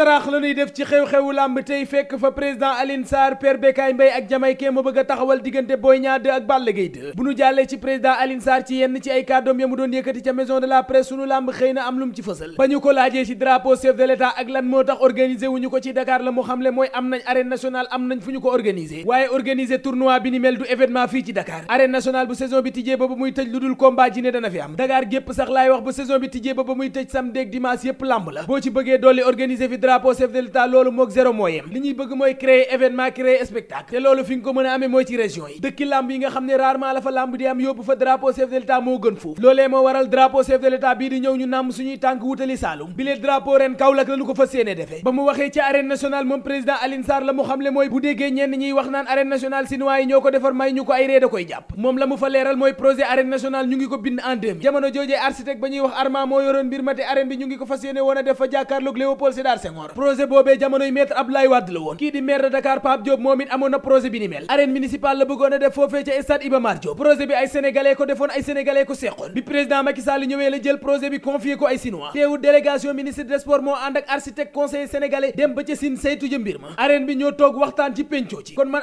saraax la ñuy def ci xew-xewu làmb tey fekk fa président Aline Sarr père Bekaay Mbaye ak taxawal diggante Boy Niang 2 ak Balla Gaye 2 bu nu jàllee ci président Aline Sarr ci ay kàddoom ya mu doon yëkkati ca maison làmb xëy na am lu mu ci fësal ba ñu ko laajee ci drapeau chef de l'état ak lan moo tax organiser wuñu ko ci Dakar la mu xamle mooy am nañ arène am nañ fu ñu ko organiser waaye organiser tournoi bi ni mel du événement fii ci Dakar arène nationale bu saison bi tijjee ba ba muy tëj lu dul combat ji dana fi am Dakar gépp sax laay wax bu saison bi tijjee ba ba muy tëj samedi ak dimanche yépp làmb la boo ci bëggee dolli organiser fi drapeau loolu mook zéro moo li ñuy bëgg mooy créer événement créer spectacle te loolu fi nga ko mën a mooy ci région yi dëkki làmb yi nga xam ne rarement la fa làmb di am yóbbu fa drapeau chef moo gën foofu loolee moo waral drapeau chef bii di ñëw ñu nàmm suñuy tànk wutali Saalum bi lee ren Kaolack la ko fas yéene defee ba mu waxee ci arène nationale moom président Alioune Sarr la mu xamle mooy bu déggee ñenn ñiy wax naan arène nationale Senghor projet boobee jamonoy maître Abdoulaye Wade la woon kii di maire de Dakar Pape Diop moom it amoon na projet bi ni mel arène la bëggoon def foofee ca stade Iba Mar projet bi ay sénégalais ko defoon ay sénégalais ko seqoon bi président Macky Sall ñëwee la jël projet bi confié ko ay chinois teewul délégation ministre des sports moo ànd ak architecte conseiller sénégalais dem ba ca Sine saytu ja mbir ma arène bi ñoo toog waxtaan ci péncoo ci kon man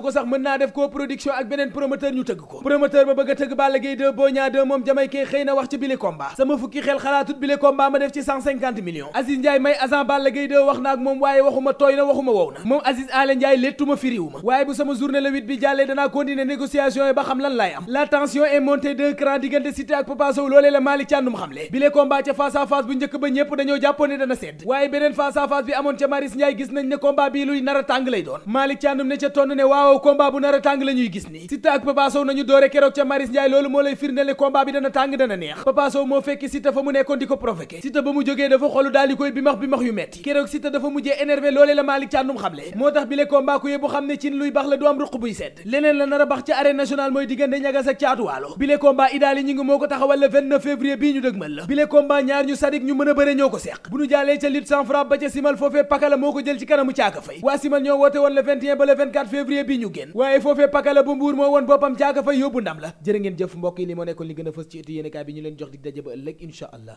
lu ko sax mën naa def coproduction ak beneen promoteur ñu tëgg ko promoteur ba bëgg tëgg Balla Gaye 2 Boy Niang 2 moom xëy na wax ci bile combat sama fukki xel xalaatut bile combat ma def ci 150 millions may agent Balla Gaye wax na ak moom waaye waxuma tooy na waxuma wow na moom Aziz Alen Ndiaye léttuma firiwuma waaye bu sama journée le 8 bi jàllee danaa continuer négociation ba xam lan laay am la tension est montée d'un diggante Cité ak Papa waaw bu nar tàng la gis ni Siteu ak Papa nañu doore keroog ca Maris Ndiaye loolu moo lay firndeel ne combat bi dana tàng dana neex Papa moo fekk Siteu fa mu nekkoon di ko provoqué Siteu ba mu jógee dafa xolu daal koy bimax bimax yu metti keroog Siteu dafa mujjee énervé loolee la Malick Thiandoum xamle moo tax bi le ku yëbu xam ne cin luy bax la du am ruq buy sedd leneen la nar bax ci arène nationale mooy diggante ñagas ca lutte sans frappe ñu génn waaye foofee pakala bu mbuur moo woon boppam jaaga fa yóbbu ndam la jërë ngeen jëf mbokk yi li moo nekkoon li gën a fës ci ëttu yéenekaay bi ñu leen jox dig daje ëllëg incha allah